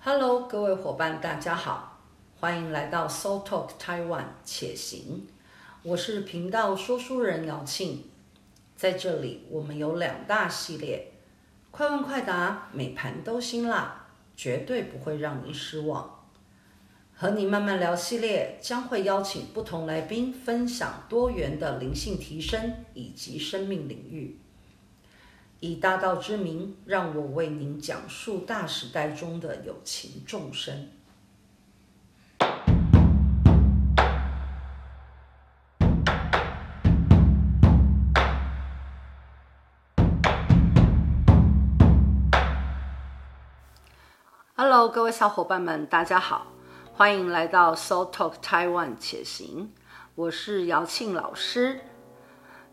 Hello，各位夥伴，大家好，歡迎來到 Soul Talk Taiwan 且行。我是頻道說書人瑤沁，在這裡我們有兩大系列，快問快答，每盤都辛辣，絕對不會讓你失望。和你慢慢聊系列將會邀請不同來賓分享多元的靈性提升以及生命領域。以大道之名，讓我為您講述大時代中的有情眾生。Hello，各位小伙伴們，大家好，歡迎來到 Soul Talk Taiwan 且行。我是瑤沁老師。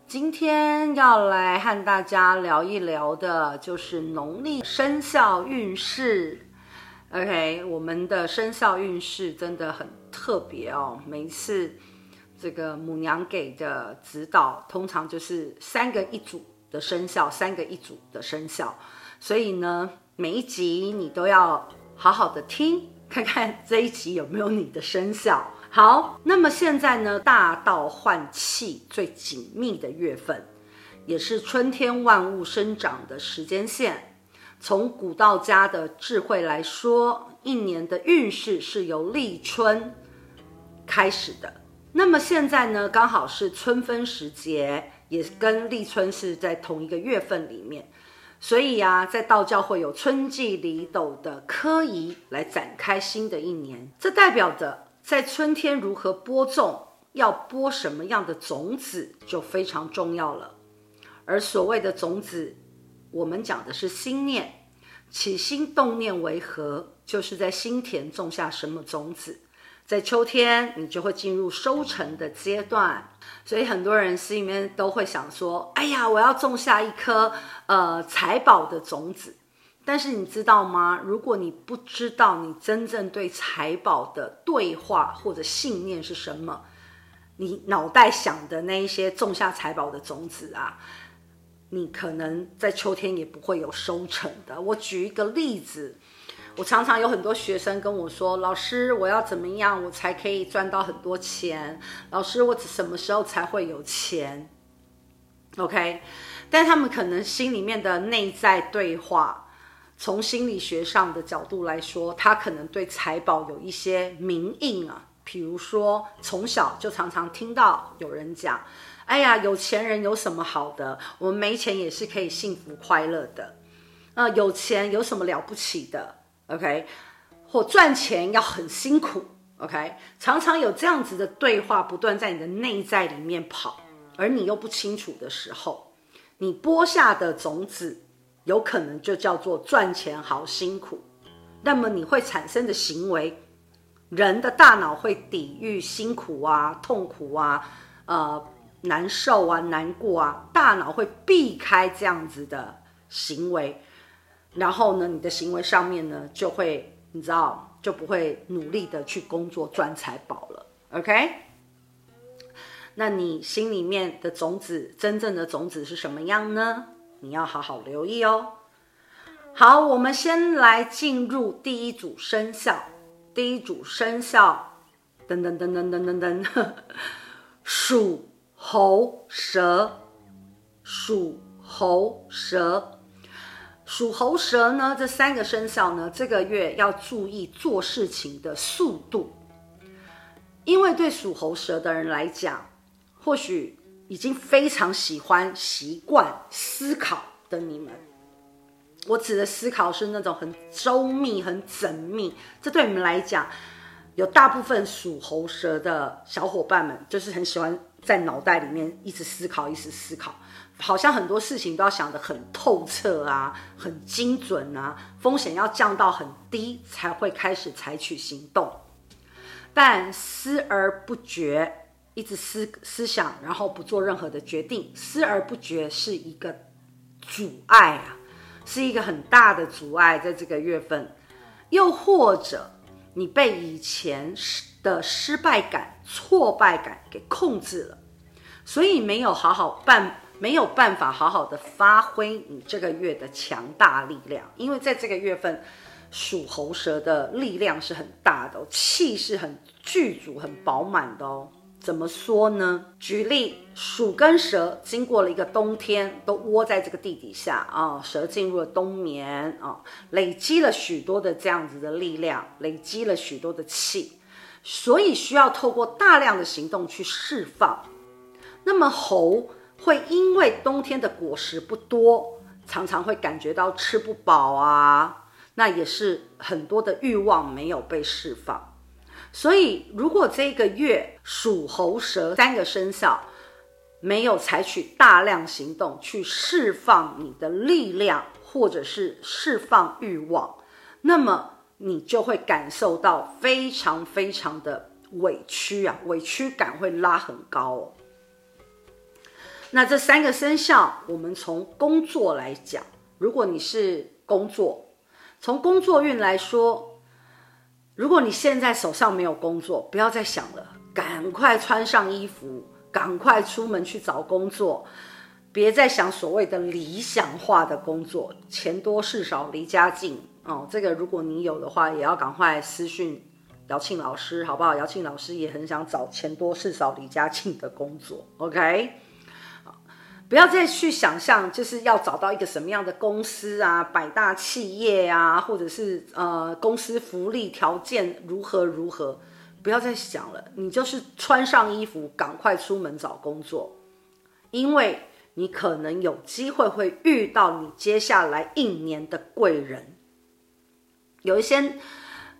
今天要來和大家聊一聊的，就是農曆生肖運勢。OK，我們的生肖運勢真的很特別哦。每一次這個母娘給的指導，通常就是三個一組的生肖，三個一組的生肖。所以呢，每一集你都要好好的聽，看看這一集有沒有你的生肖。好，那麼現在呢？大道換氣最緊密的月份，也是春天萬物生長的時間線。從古道家的智慧來說，一年的運勢是由立春開始的。那麼現在呢？剛好是春分時節，也跟立春是在同一個月份裡面。所以啊，在道教會有春季禮斗的科儀來展開新的一年，這代表着。在春天如何播種，要播什麼樣的種子就非常重要了。而所謂的種子，我們講的是心念，起心動念為何，就是在心田種下什麼種子。在秋天，你就會進入收成的階段。所以很多人心裡面都會想說：“哎呀，我要種下一顆，呃，財寶的種子。”但是你知道嗎？如果你不知道你真正對財寶的對話或者信念是什麼，你腦袋想的那一些種下財寶的種子啊，你可能在秋天也不會有收成的。我舉一個例子，我常常有很多學生跟我說：“老師，我要怎麼樣我才可以賺到很多錢？老師，我什麼時候才會有錢？”OK，但他們可能心裡面的內在對話。從心理學上的角度來說，他可能對財寶有一些名印啊，比如說從小就常常聽到有人講：“哎呀，有錢人有什麼好的？我們沒錢也是可以幸福快樂的，呃，有錢有什麼了不起的？”OK，或賺錢要很辛苦，OK，常常有這樣子的對話不斷在你的內在裡面跑，而你又不清楚的時候，你播下的種子。有可能就叫做賺錢好辛苦，那麼你會產生的行為，人的大腦會抵禦辛苦啊、痛苦啊、呃難受啊、難過啊，大腦會避開這樣子的行為，然後呢，你的行為上面呢，就會，你知道就不會努力的去工作賺財寶了。OK？那你心裡面的種子，真正的種子是什麼樣呢？你要好好留意哦。好，我們先來進入第一組生肖，第一組生肖，噔噔噔噔噔噔噔，鼠猴蛇，鼠猴蛇，鼠猴蛇呢，這三個生肖呢，這個月要注意做事情的速度，因為對鼠猴蛇的人來講，或許。已經非常喜歡習慣思考的你們，我指的思考是那種很周密、很縝密。這對你們來講，有大部分屬猴蛇的小伙伴們，就是很喜歡在腦袋裡面一直思考、一直思考，好像很多事情都要想得很透徹啊，很精準啊，風險要降到很低才會開始採取行動，但思而不決。一直思思想，然後不做任何的決定，思而不決是一個阻礙啊，是一個很大的阻礙。在這個月份，又或者你被以前的失敗感、挫敗感給控制了，所以沒有好好辦，沒有辦法好好的發揮你這個月的強大力量。因為在這個月份，鼠猴蛇的力量是很大的、哦，氣是很具足，很飽滿的哦。怎麼說呢？舉例，鼠跟蛇經過了一個冬天，都窩在這個地底下啊。蛇進入了冬眠啊，累積了許多的這樣子的力量，累積了許多的氣，所以需要透過大量的行動去釋放。那麼猴會因為冬天的果實不多，常常會感覺到吃不飽啊，那也是很多的慾望沒有被釋放。所以，如果這個月鼠、猴、蛇三個生肖沒有採取大量行動去釋放你的力量，或者是釋放欲望，那麼你就會感受到非常非常的委屈啊，委屈感會拉很高哦。那這三個生肖，我們從工作來講，如果你是工作，從工作運來說。如果你現在手上沒有工作，不要再想了，趕快穿上衣服，趕快出門去找工作，別再想所謂的理想化的工作，錢多事少離家近哦。這個如果你有的話，也要趕快私訊瑤沁老師，好不好？瑤沁老師也很想找錢多事少離家近的工作，OK。不要再去想象就是要找到一個什麼樣的公司啊，百大企業啊，或者是呃，公司福利條件如何如何，不要再想了。你就是穿上衣服，趕快出門找工作，因為你可能有機會會遇到你接下來一年的貴人，有一些。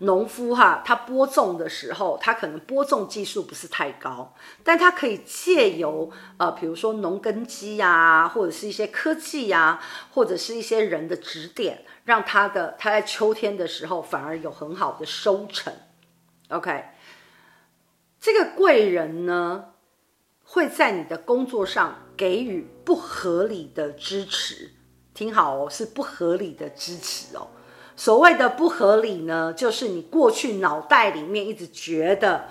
農夫哈，他播種的時候，他可能播種技術不是太高，但他可以借由呃，比如說農耕機呀，或者是一些科技呀、啊，或者是一些人的指點，讓他的他在秋天的時候反而有很好的收成。OK，這個貴人呢，會在你的工作上給予不合理的支持。聽好哦，是不合理的支持哦。所謂的不合理呢，就是你過去腦袋裡面一直覺得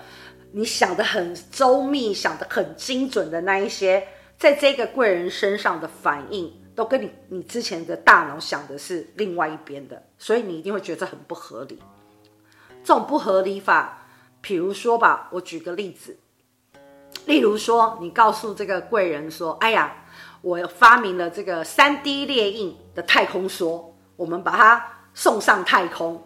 你想得很周密，想得很精準的那一些，在這個貴人身上的反應，都跟你你之前的大腦想的是另外一邊的，所以你一定會覺得很不合理。這種不合理法，譬如說吧，我舉個例子，例如說，你告訴這個貴人說：“哎呀，我發明了這個三 D 列印的太空梭，我們把它。”送上太空，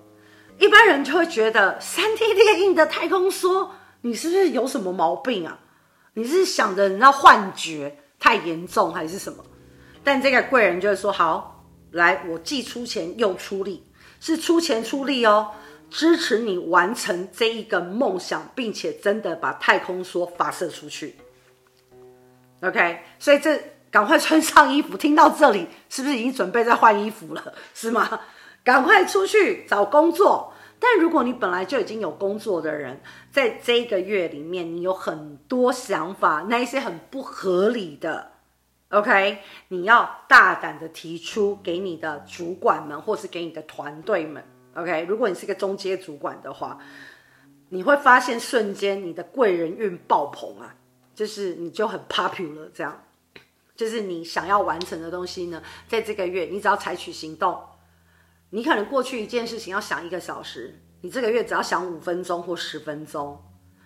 一般人就會覺得 3D 列印的太空梭，你是不是有什麼毛病啊？你是，是想着你要幻覺太嚴重還是什麼？但這個貴人就會說好，來，我既出錢又出力，是出錢出力哦，支持你完成這一個夢想，並且真的把太空梭發射出去。OK，所以這趕快穿上衣服。聽到這裡，是不是已經準備在換衣服了？是嗎？趕快出去找工作。但如果你本來就已經有工作的人，在這個月裡面，你有很多想法，那一些很不合理的，OK，你要大膽的提出給你的主管們，或是給你的團隊們。OK，如果你是個中階主管的話，你會發現瞬間你的貴人運爆棚啊，就是你就很 popular 這樣。就是你想要完成的東西呢，在這個月你只要採取行動。你可能過去一件事情要想一個小時，你這個月只要想五分鐘或十分鐘，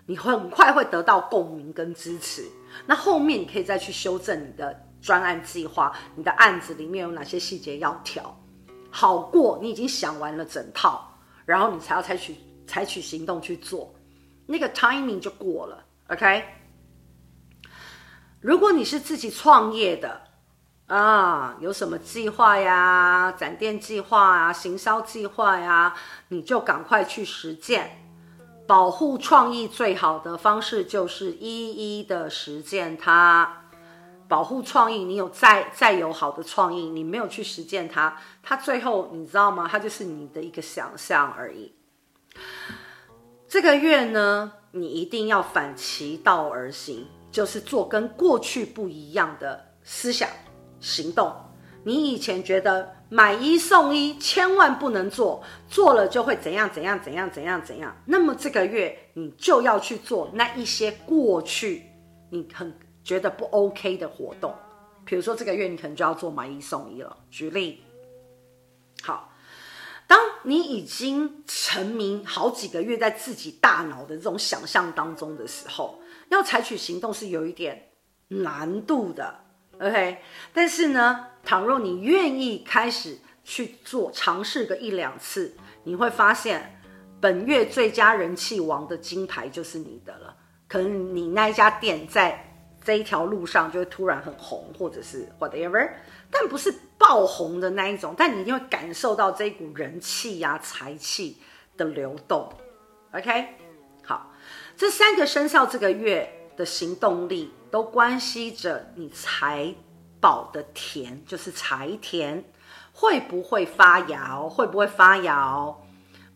你很快會得到共鳴跟支持。那後面你可以再去修正你的專案計劃，你的案子裡面有哪些細節要調，好過你已經想完了整套，然後你才要採取採取行動去做，那個 timing 就過了。OK，如果你是自己創業的。啊，有什麼計劃呀？展店計劃啊，行銷計劃呀，你就趕快去實踐。保護創意最好的方式就是一一的實踐它。保護創意，你有再再有好的創意，你沒有去實踐它，它最後你知道嗎？它就是你的一個想象而已。這個月呢，你一定要反其道而行，就是做跟過去不一樣的思想。行動，你以前覺得買一送一千萬不能做，做了就會怎樣怎樣怎樣怎樣怎樣。那麼這個月你就要去做那一些過去你很覺得不 OK 的活動，比如說這個月你可能就要做買一送一了。舉例。好，當你已經沉迷好幾個月在自己大腦的這種想象當中的時候，要採取行動是有一點難度的。OK，但是呢，倘若你願意開始去做嘗試個一兩次，你會發現本月最佳人氣王的金牌就是你的了。可能你那一家店在這一條路上就會突然很紅，或者是 whatever，但不是爆紅的那一種，但你一定會感受到這一股人氣呀、財氣的流動。OK，好，這三個生肖這個月的行動力都關係着你財寶的田，就是財田會不會發芽哦？會不會發芽哦？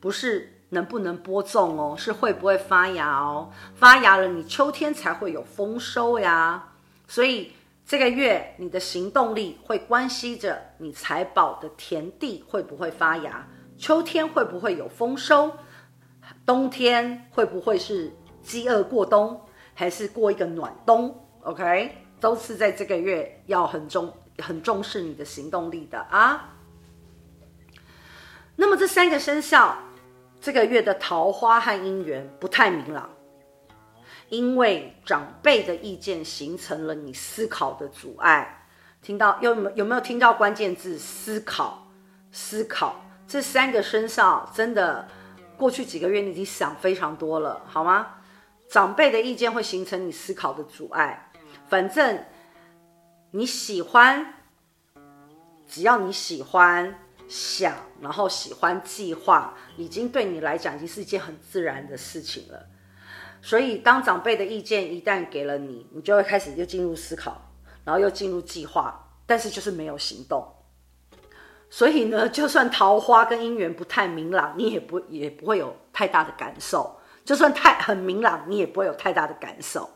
不是能不能播種哦，是會不會發芽哦？發芽了，你秋天才會有豐收呀。所以這個月你的行動力會關係着你財寶的田地會不會發芽，秋天會不會有豐收，冬天會不會是飢餓過冬？還是過一個暖冬，OK？都是在這個月要很重、很重視你的行動力的啊。那麼這三個生肖這個月的桃花和姻緣不太明朗，因為長輩的意見形成了你思考的阻礙。聽到有，有沒有聽到關鍵字？思考、思考。這三個生肖真的，過去幾個月你已經想非常多了，好嗎？長輩的意見會形成你思考的阻礙。反正你喜歡，只要你喜歡想，然後喜歡計劃，已經對你來講已經是一件很自然的事情了。所以，當長輩的意見一旦給了你，你就會開始又進入思考，然後又進入計劃，但是就是沒有行動。所以呢，就算桃花跟姻緣不太明朗，你也不也不會有太大的感受。就算太很明朗，你也不會有太大的感受。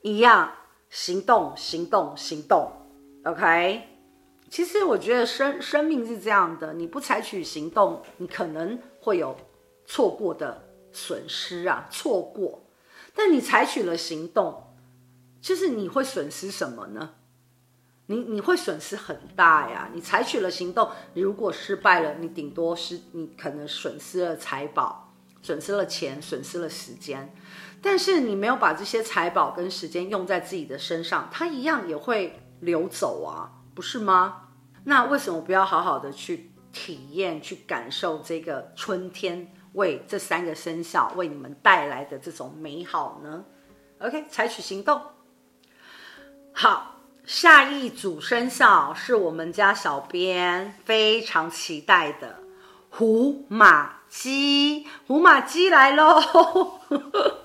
一樣行動，行動，行動。OK，其實我覺得生生命是這樣的，你不採取行動，你可能會有錯過的損失啊，錯過。但你採取了行動，就是你會損失什麼呢？你你會損失很大呀。你採取了行動，如果失敗了，你頂多是你可能損失了財寶。損失了錢，損失了時間，但是你沒有把這些財寶跟時間用在自己的身上，它一樣也會流走啊，不是嗎？那為什麼不要好好的去體驗、去感受這個春天為這三個生肖為你們帶來的這種美好呢？OK，採取行動。好，下一組生肖是我們家小編非常期待的虎馬。雞虎馬雞來嘍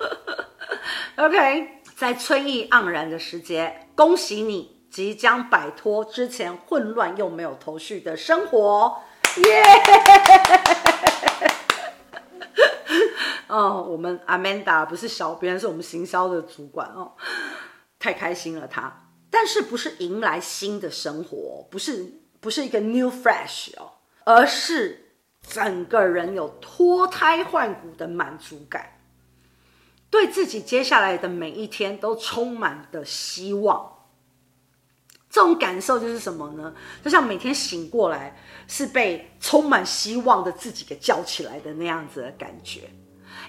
，OK，在春意盎然的時節，恭喜你即將擺脫之前混亂又沒有頭緒的生活，耶、yeah! 哦，我們 Amanda 不是小編，是我們行銷的主管哦，太開心了他，但是不是迎來新的生活，不是不是一個 new fresh 哦，而是。整個人有脫胎換骨的滿足感，對自己接下來的每一天都充滿的希望。這種感受就是什麼呢？就像每天醒過來是被充滿希望的自己給叫起來的那樣子的感覺，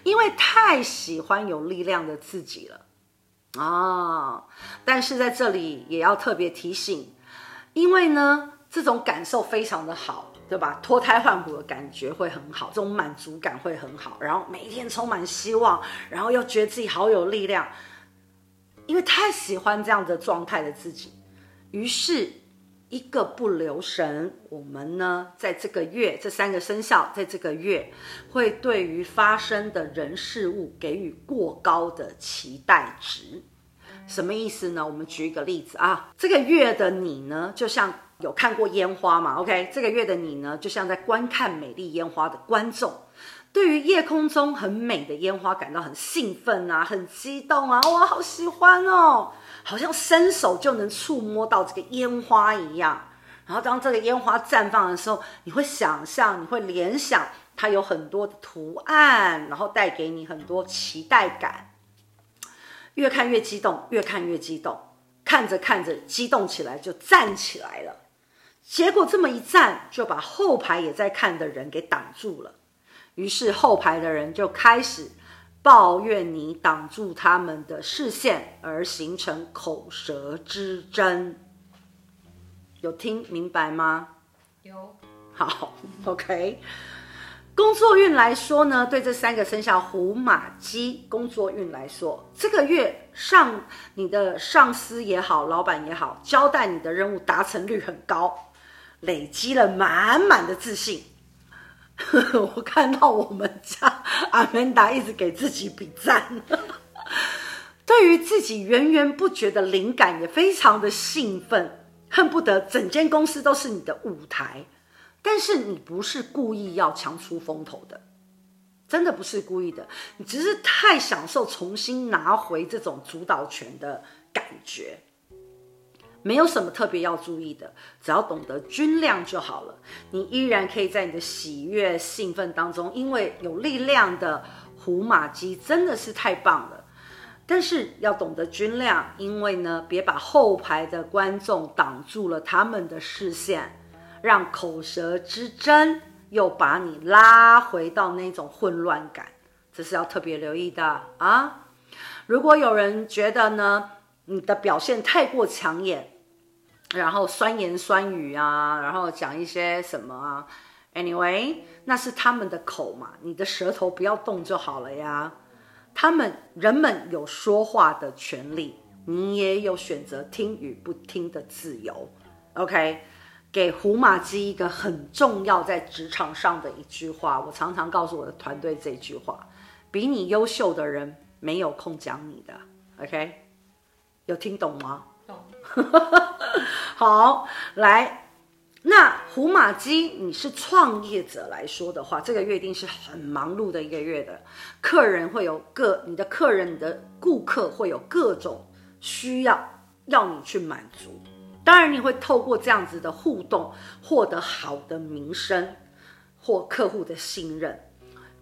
因為太喜歡有力量的自己了啊、哦！但是在這裡也要特別提醒，因為呢，這種感受非常的好。對吧？脫胎換骨的感覺會很好，這種滿足感會很好，然後每一天充滿希望，然後又覺得自己好有力量，因為太喜歡這樣的狀態的自己。於是，一個不留神，我們呢，在這個月，這三個生肖，在這個月，會對於發生的人事物給予過高的期待值。什麼意思呢？我們舉一個例子啊，這個月的你呢，就像有看過煙花嘛？OK，這個月的你呢，就像在觀看美麗煙花的觀眾，對於夜空中很美的煙花感到很興奮啊，很激動啊，哇，好喜歡哦，好像伸手就能觸摸到這個煙花一樣。然後當這個煙花綻放的時候，你會想象，你會聯想，它有很多的圖案，然後帶給你很多期待感。越看越激動，越看越激動，看着看着激動起來就站起來了。結果這麼一站，就把後排也在看的人給擋住了。於是後排的人就開始抱怨你擋住他們的視線，而形成口舌之爭。有聽明白嗎？有，好，OK。工作運來說呢，對這三個生肖虎、馬、雞，工作運來說，這個月上你的上司也好，老闆也好，交代你的任務達成率很高，累積了滿滿的自信。 我看到我們家 Amanda 一直給自己比讚， 對於自己源源不絕的靈感也非常的興奮，恨不得整間公司都是你的舞台。但是你不是故意要強出風頭的，真的不是故意的。你只是太享受重新拿回這種主導權的感覺，沒有什麼特別要注意的，只要懂得均量就好了。你依然可以在你的喜悅興奮當中，因為有力量的虎馬雞真的是太棒了。但是要懂得均量，因為呢，別把後排的觀眾擋住了他們的視線。讓口舌之爭又把你拉回到那種混亂感，這是要特別留意的啊！如果有人覺得呢，你的表現太過搶眼，然後酸言酸語啊，然後講一些什麼啊，Anyway，那是他們的口嘛，你的舌頭不要動就好了呀。他們人們有說話的權利，你也有選擇聽與不聽的自由。OK。給虎馬雞一個很重要在職場上的一句話，我常常告訴我的團隊這句話，比你優秀的人沒有空講你的。OK，有聽懂嗎？懂。 好，來，那虎馬雞，你是創業者來說的話，這個月定是很忙碌的一個月的，客人會有各你的客人、你的顧客會有各種需要要你去滿足。當然，你會透過這樣子的互動，獲得好的名聲或客戶的信任。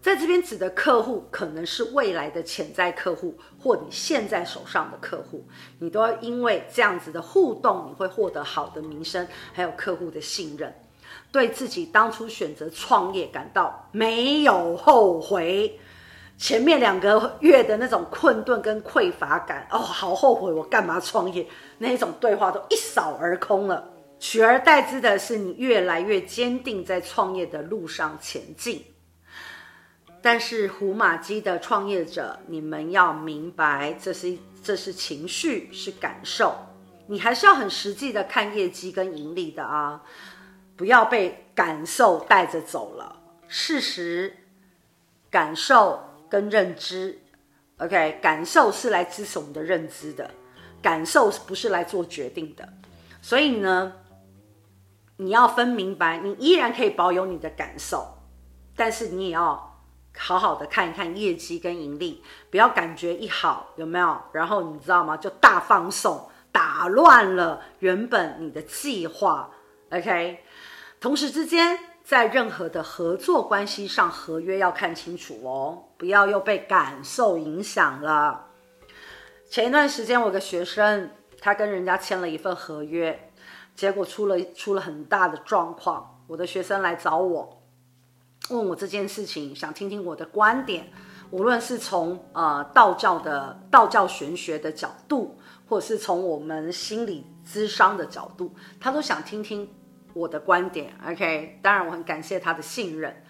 在這邊指的客戶，可能是未來的潛在客戶，或你現在手上的客戶，你都要因為這樣子的互動，你會獲得好的名聲，還有客戶的信任，對自己當初選擇創業感到沒有後悔。前面兩個月的那種困頓跟匱乏感，哦，好後悔，我幹嘛創業？那種對話都一掃而空了，取而代之的是你越來越堅定在創業的路上前進。但是，虎馬雞的創業者，你們要明白，這是這是情緒，是感受，你還是要很實際的看業績跟盈利的啊，不要被感受帶着走了。事實、感受跟認知，OK，感受是來支持我們的認知的。感受不是來做決定的，所以呢，你要分明白，你依然可以保有你的感受，但是你也要好好的看一看業績跟盈利，不要感覺一好有沒有？然後你知道嗎？就大放送，打亂了原本你的計劃。OK，同時之間在任何的合作關係上，合約要看清楚哦，不要又被感受影響了。前一段時間，我的學生他跟人家簽了一份合約，結果出了出了很大的狀況。我的學生來找我，問我這件事情，想聽聽我的觀點。無論是從呃道教的道教玄學的角度，或是從我們心理諮商的角度，他都想聽聽我的觀點。OK，當然我很感謝他的信任。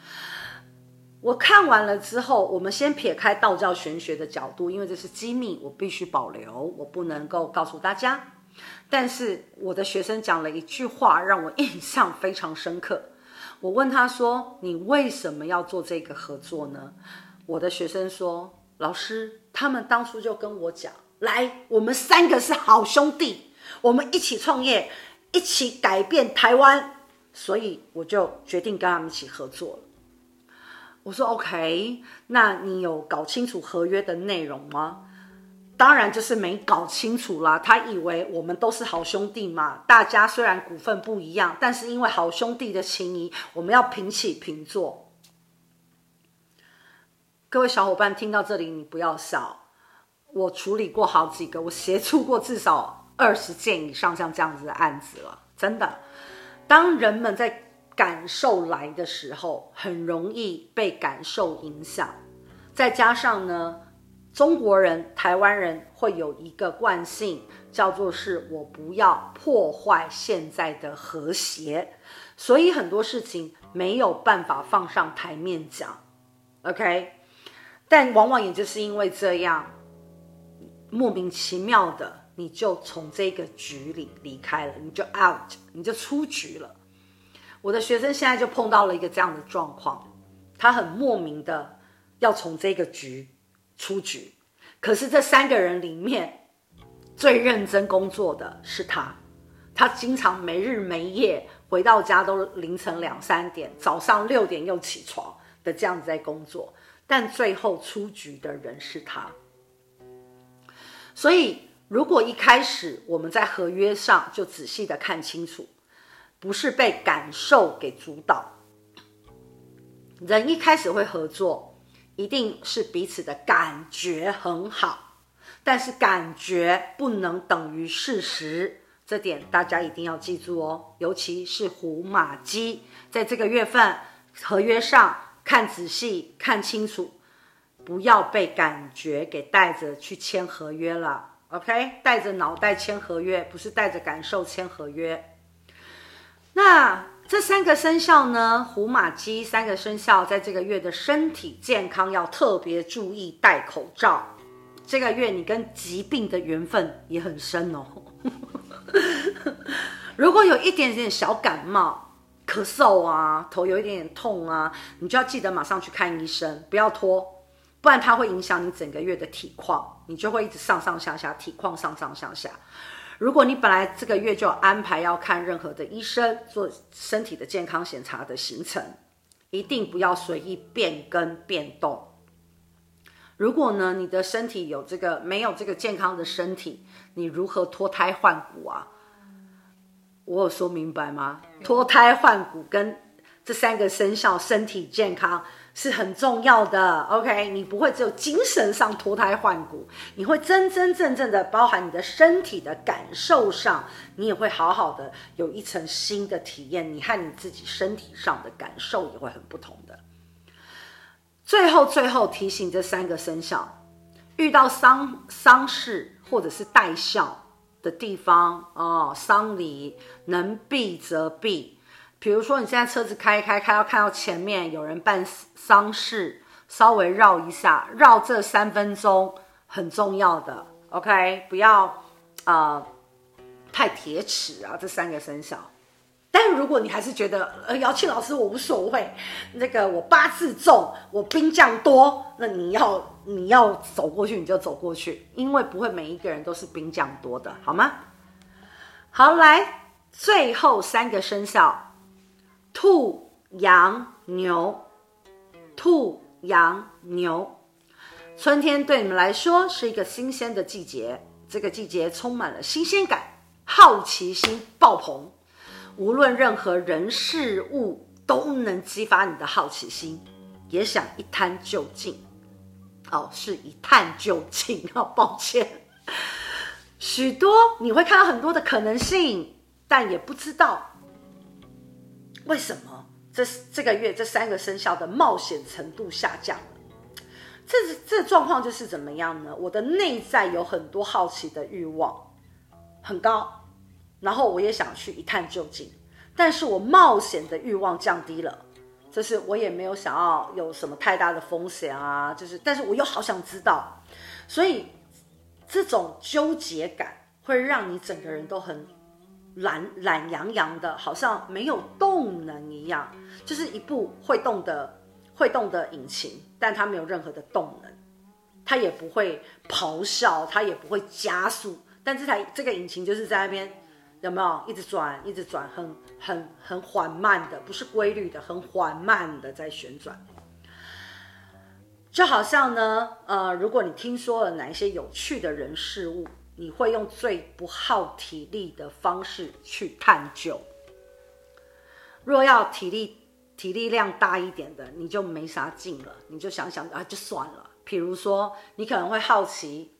我看完了之後，我們先撇開道教玄學的角度，因為這是機密，我必須保留，我不能夠告訴大家。但是我的學生講了一句話，讓我印象非常深刻。我問他說：“你為什麼要做這個合作呢？”我的學生說：“老師，他們當初就跟我講，來，我們三個是好兄弟，我們一起創業，一起改變台灣。所以我就決定跟他們一起合作了。”我說 OK，那你有搞清楚合約的內容嗎？當然就是沒搞清楚啦。他以為我們都是好兄弟嘛，大家雖然股份不一樣，但是因為好兄弟的情誼，我們要平起平坐。各位小伙伴聽到這裡，你不要笑。我處理過好幾個，我協助過至少二十件以上像這樣子的案子了，真的。當人們在感受來的時候，很容易被感受影響。再加上呢，中國人、台灣人會有一個慣性，叫做是我不要破壞現在的和諧，所以很多事情沒有辦法放上台面講。OK，但往往也就是因為這樣，莫名其妙的，你就從這個局裡離開了，你就 out，你就出局了。我的學生現在就碰到了一個這樣的狀況，他很莫名的要從這個局出局，可是這三個人裡面最認真工作的是他，他經常沒日沒夜回到家都凌晨兩三點，早上六點又起床的這樣子在工作，但最後出局的人是他。所以如果一開始我們在合約上就仔細的看清楚，不是被感受給主導，人一開始會合作，一定是彼此的感覺很好，但是感覺不能等於事實，這點大家一定要記住哦，尤其是虎馬雞，在這個月份合約上看仔細看清楚，不要被感覺給帶着去簽合約了，OK？帶着腦袋簽合約，不是帶着感受簽合約。那這三個生肖呢？虎、馬、雞三個生肖在這個月的身體健康要特別注意，戴口罩。這個月你跟疾病的緣分也很深哦。 如果有一點點小感冒、咳嗽啊，頭有一點點痛啊，你就要記得馬上去看醫生，不要拖，不然它會影響你整個月的體況，你就會一直上上下下，體況上上下下。如果你本來這個月就安排要看任何的醫生做身體的健康檢查的行程，一定不要隨意變更變動。如果呢，你的身體有這個沒有這個健康的身體，你如何脫胎換骨啊？我有說明白嗎？脫胎換骨跟這三個生肖身體健康是很重要的，OK？你不會只有精神上脫胎換骨，你會真真正正的包含你的身體的感受上，你也會好好的有一層新的體驗，你和你自己身體上的感受也會很不同的。最後，最後提醒這三個生肖，遇到喪喪事或者是戴孝的地方哦，喪禮能避則避。比如說，你現在車子開開開，要看到前面有人辦喪事，稍微繞一下，繞這三分鐘很重要的。OK，不要啊、呃、太鐵齒啊，這三個生肖。但如果你還是覺得呃，瑤沁老師我無所謂，那個我八字重，我兵將多，那你要你要走過去你就走過去，因為不會每一個人都是兵將多的，好嗎？好，來最後三個生肖。兔、羊、牛，兔、羊、牛。春天對你們來說是一個新鮮的季節，這個季節充滿了新鮮感，好奇心爆棚。無論任何人事物，都能激發你的好奇心，也想一探究竟。哦，是一探究竟哦，抱歉，許多你會看到很多的可能性，但也不知道。為什麼這這個月這三個生肖的冒險程度下降，這是這狀況就是怎麼樣呢？我的內在有很多好奇的慾望，很高，然後我也想去一探究竟，但是我冒險的慾望降低了，就是我也沒有想要有什麼太大的風險啊，就是，但是我又好想知道，所以這種糾結感會讓你整個人都很。懶懶洋洋的，好像沒有動能一樣，就是一部會動的、會動的引擎，但它沒有任何的動能，它也不會咆哮，它也不會加速，但這台這個引擎就是在那邊有沒有一直轉、一直轉，很很很緩慢的，不是規律的，很緩慢的在旋轉，就好像呢，呃，如果你聽說了哪一些有趣的人事物。你會用最不耗體力的方式去探究。若要體力體力量大一點的，你就沒啥勁了，你就想想啊，就算了。比如說，你可能會好奇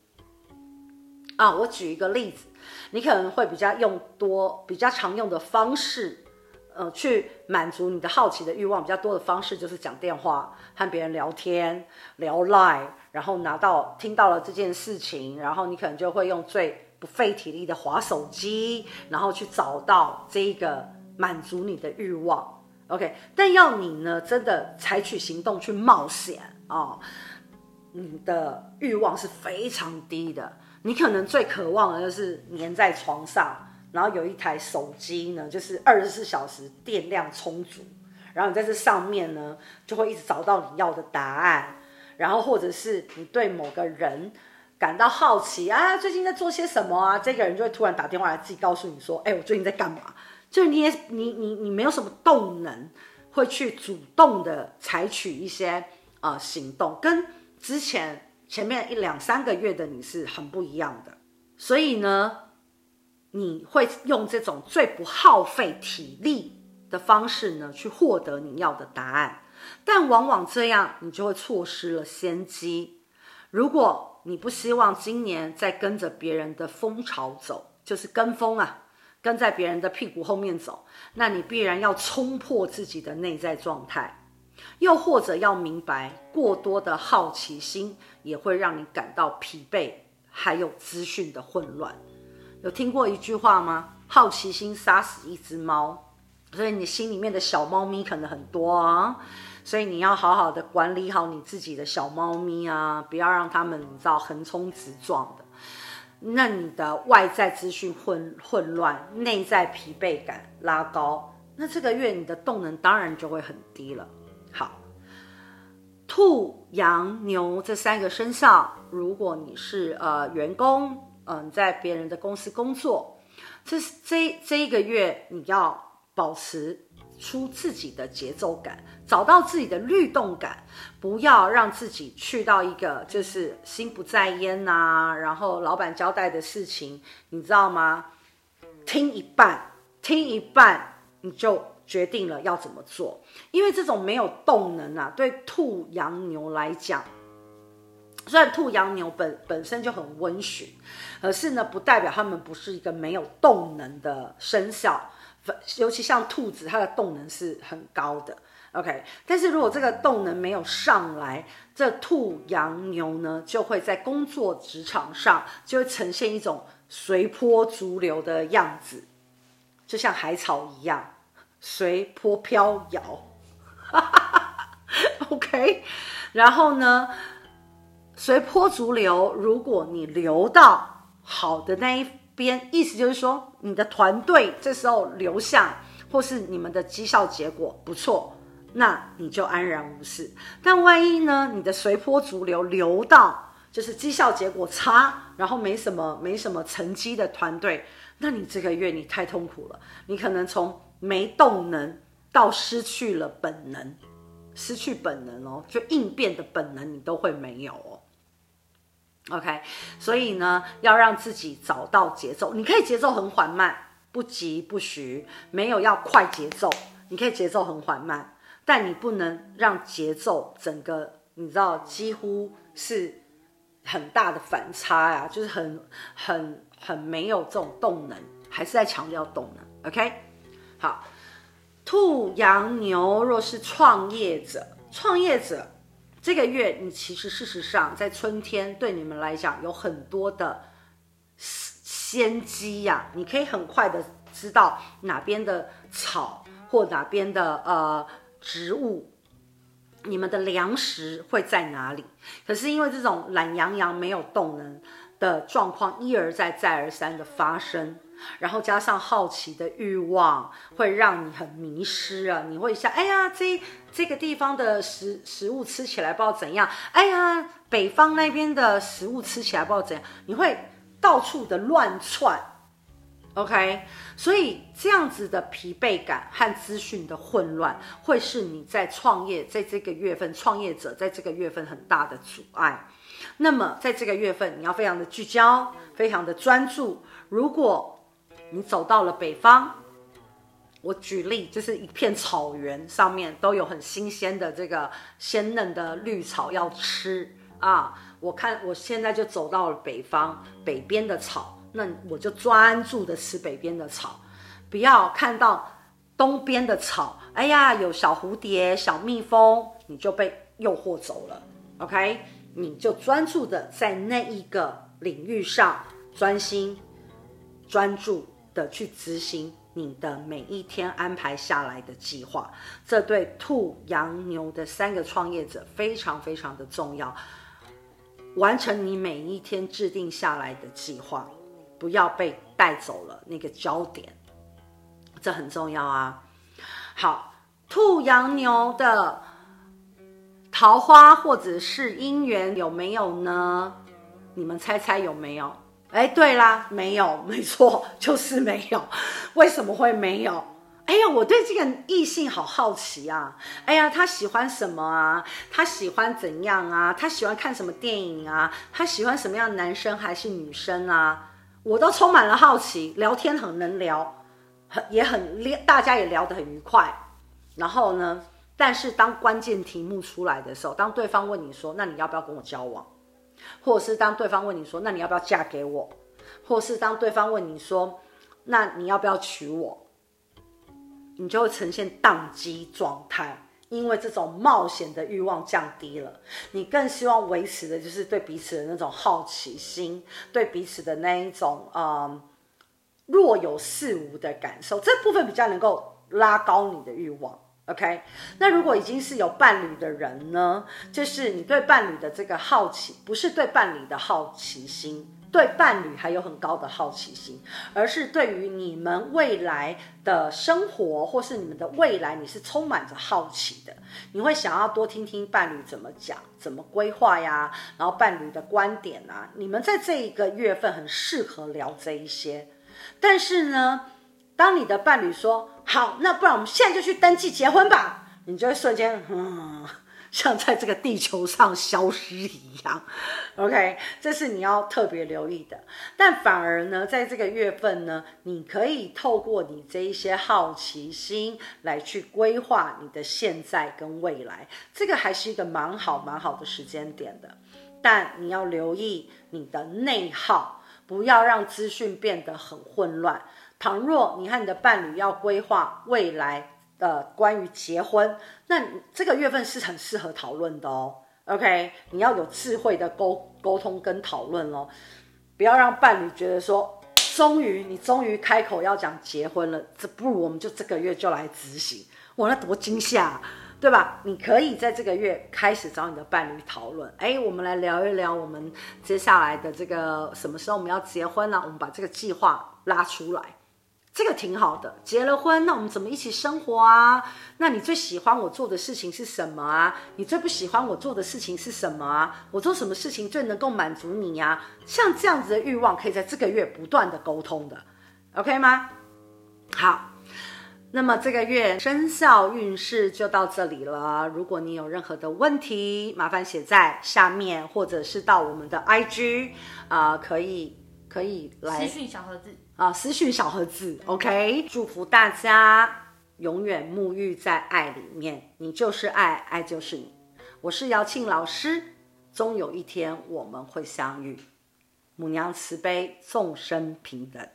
啊，我舉一個例子，你可能會比較用多比較常用的方式，呃，去滿足你的好奇的慾望，比較多的方式就是講電話，和別人聊天，聊 LINE。然後拿到聽到了這件事情，然後你可能就會用最不費體力的滑手機，然後去找到這一個滿足你的欲望。OK，但要你呢真的採取行動去冒險啊，哦，你的欲望是非常低的。你可能最渴望的就是粘在床上，然後有一台手機呢，就是二十四小時電量充足，然後你在這上面呢就會一直找到你要的答案。然後，或者是你對某個人感到好奇啊，最近在做些什麼啊？這個人就會突然打電話來，自己告訴你說：“哎，我最近在幹嘛？”就是你也，你你你沒有什麼動能，會去主動的採取一些呃行動，跟之前前面一兩三個月的你是很不一樣的。所以呢，你會用這種最不耗費體力的方式呢，去獲得你要的答案。但往往這樣，你就會錯失了先機。如果你不希望今年再跟着別人的風潮走，就是跟風啊，跟在別人的屁股後面走，那你必然要衝破自己的內在狀態。又或者要明白，過多的好奇心也會讓你感到疲憊，還有資訊的混亂。有聽過一句話嗎？好奇心殺死一隻貓。所以你心裡面的小貓咪可能很多啊。所以你要好好的管理好你自己的小貓咪啊，不要讓它們你知道橫衝直撞的。那你的外在資訊混混亂，內在疲憊感拉高，那這個月你的動能當然就會很低了。好，兔、羊、牛這三個生肖，如果你是呃員工，嗯、呃呃，在別人的公司工作，這這這一個月你要保持出自己的節奏感，找到自己的律動感，不要讓自己去到一個就是心不在焉啊，然後老板交代的事情，你知道嗎？聽一半，聽一半，你就決定了要怎麼做。因為這種沒有動能啊，對兔羊牛來講，雖然兔羊牛本本身就很溫馴，可是呢，不代表他們不是一個沒有動能的生肖。尤其像兔子，它的動能是很高的，OK。但是如果這個動能沒有上來，這兔羊牛呢就會在工作職場上就會呈現一種隨波逐流的樣子，就像海草一樣隨波飄搖 ，OK。然後呢，隨波逐流，如果你流到好的那一。意思就是說，你的團隊這時候留下，或是你們的績效結果不錯，那你就安然無事。但萬一呢？你的隨波逐流流到就是績效結果差，然後沒什麼沒什麼成績的團隊，那你這個月你太痛苦了。你可能從沒動能到失去了本能，失去本能哦，就應變的本能你都會沒有哦。OK，所以呢，要讓自己找到節奏。你可以節奏很緩慢，不急不徐，沒有要快節奏。你可以節奏很緩慢，但你不能讓節奏整個，你知道幾乎是很大的反差呀、啊，就是很很很沒有這種動能，還是在強調動能。OK，好，兔羊牛若是創業者，創業者。這個月，你其實事實上在春天，對你們來講有很多的先機呀，你可以很快的知道哪邊的草或哪邊的呃植物，你們的糧食會在哪裡。可是因為這種懶洋洋沒有動能的狀況，一而再再而三的發生。然後加上好奇的欲望，會讓你很迷失啊！你會想：哎呀，這這個地方的食食物吃起來不知道怎樣？哎呀，北方那邊的食物吃起來不知道怎樣？你會到處的亂竄。OK，所以這樣子的疲憊感和資訊的混亂，會是你在創業，在這個月份，創業者在這個月份很大的阻礙。那麼在這個月份，你要非常的聚焦，非常的專注。如果你走到了北方，我舉例，就是一片草原上面都有很新鮮的這個鮮嫩的綠草要吃啊。我看我現在就走到了北方，北邊的草，那我就專注的吃北邊的草，不要看到東邊的草，哎呀，有小蝴蝶、小蜜蜂，你就被誘惑走了。OK，你就專注的在那一個領域上專心專注。的去執行你的每一天安排下來的計劃，這對兔羊牛的三個創業者非常非常的重要。完成你每一天制定下來的計劃，不要被帶走了那個焦點，這很重要啊。好，兔羊牛的桃花或者是姻緣有沒有呢？你們猜猜有沒有？哎，對啦，沒有，沒錯，就是沒有。為什麼會沒有？哎呀，我對這個異性好好奇啊！哎呀，他喜歡什麼啊？他喜歡怎樣啊？他喜歡看什麼電影啊？他喜歡什麼樣的男生還是女生啊？我都充滿了好奇，聊天很能聊，很，也很，大家也聊得很愉快。然後呢，但是當關鍵題目出來的時候，當對方問你說：“那你要不要跟我交往？”或者是當對方問你說“那你要不要嫁給我”，或是當對方問你說“那你要不要娶我”，你就會呈現宕機狀態，因為這種冒險的欲望降低了。你更希望維持的就是對彼此的那種好奇心，對彼此的那一種嗯，若有似無的感受，這部分比較能夠拉高你的欲望。OK，那如果已經是有伴侶的人呢？就是你對伴侶的這個好奇，不是對伴侶的好奇心，對伴侶還有很高的好奇心，而是對於你們未來的生活，或是你們的未來，你是充滿着好奇的。你會想要多聽聽伴侶怎麼講，怎麼規劃呀，然後伴侶的觀點啊。你們在這一個月份很適合聊這一些。但是呢，當你的伴侶說。好，那不然我們現在就去登記結婚吧。你就會瞬間，嗯，像在這個地球上消失一樣。OK，這是你要特別留意的。但反而呢，在這個月份呢，你可以透過你這一些好奇心來去規劃你的現在跟未來。這個還是一個蠻好蠻好的時間點的。但你要留意你的內耗，不要讓資訊變得很混亂。倘若你和你的伴侶要規劃未來的關於結婚，那這個月份是很適合討論的哦。OK，你要有智慧的溝溝通跟討論哦，不要讓伴侶覺得說，終於你終於開口要講結婚了，這不如我們就這個月就來執行，哇，那多驚嚇啊，對吧？你可以在這個月開始找你的伴侶討論，哎，我們來聊一聊我們接下來的這個什麼時候我們要結婚啊，我們把這個計劃拉出來。這個挺好的，結了婚，那我們怎麼一起生活啊？那你最喜歡我做的事情是什麼啊？你最不喜歡我做的事情是什麼啊？我做什麼事情最能夠滿足你呀、啊？像這樣子的慾望，可以在這個月不斷的溝通的，OK 嗎？好，那麼這個月生肖運勢就到這裡了。如果你有任何的問題，麻煩寫在下面，或者是到我們的 IG，啊、呃，可以可以來私訊小盒子啊，私訊小盒子，OK，祝福大家永遠沐浴在愛裡面。你就是愛，愛就是你。我是瑤沁老師，終有一天我們會相遇。母娘慈悲，眾生平等。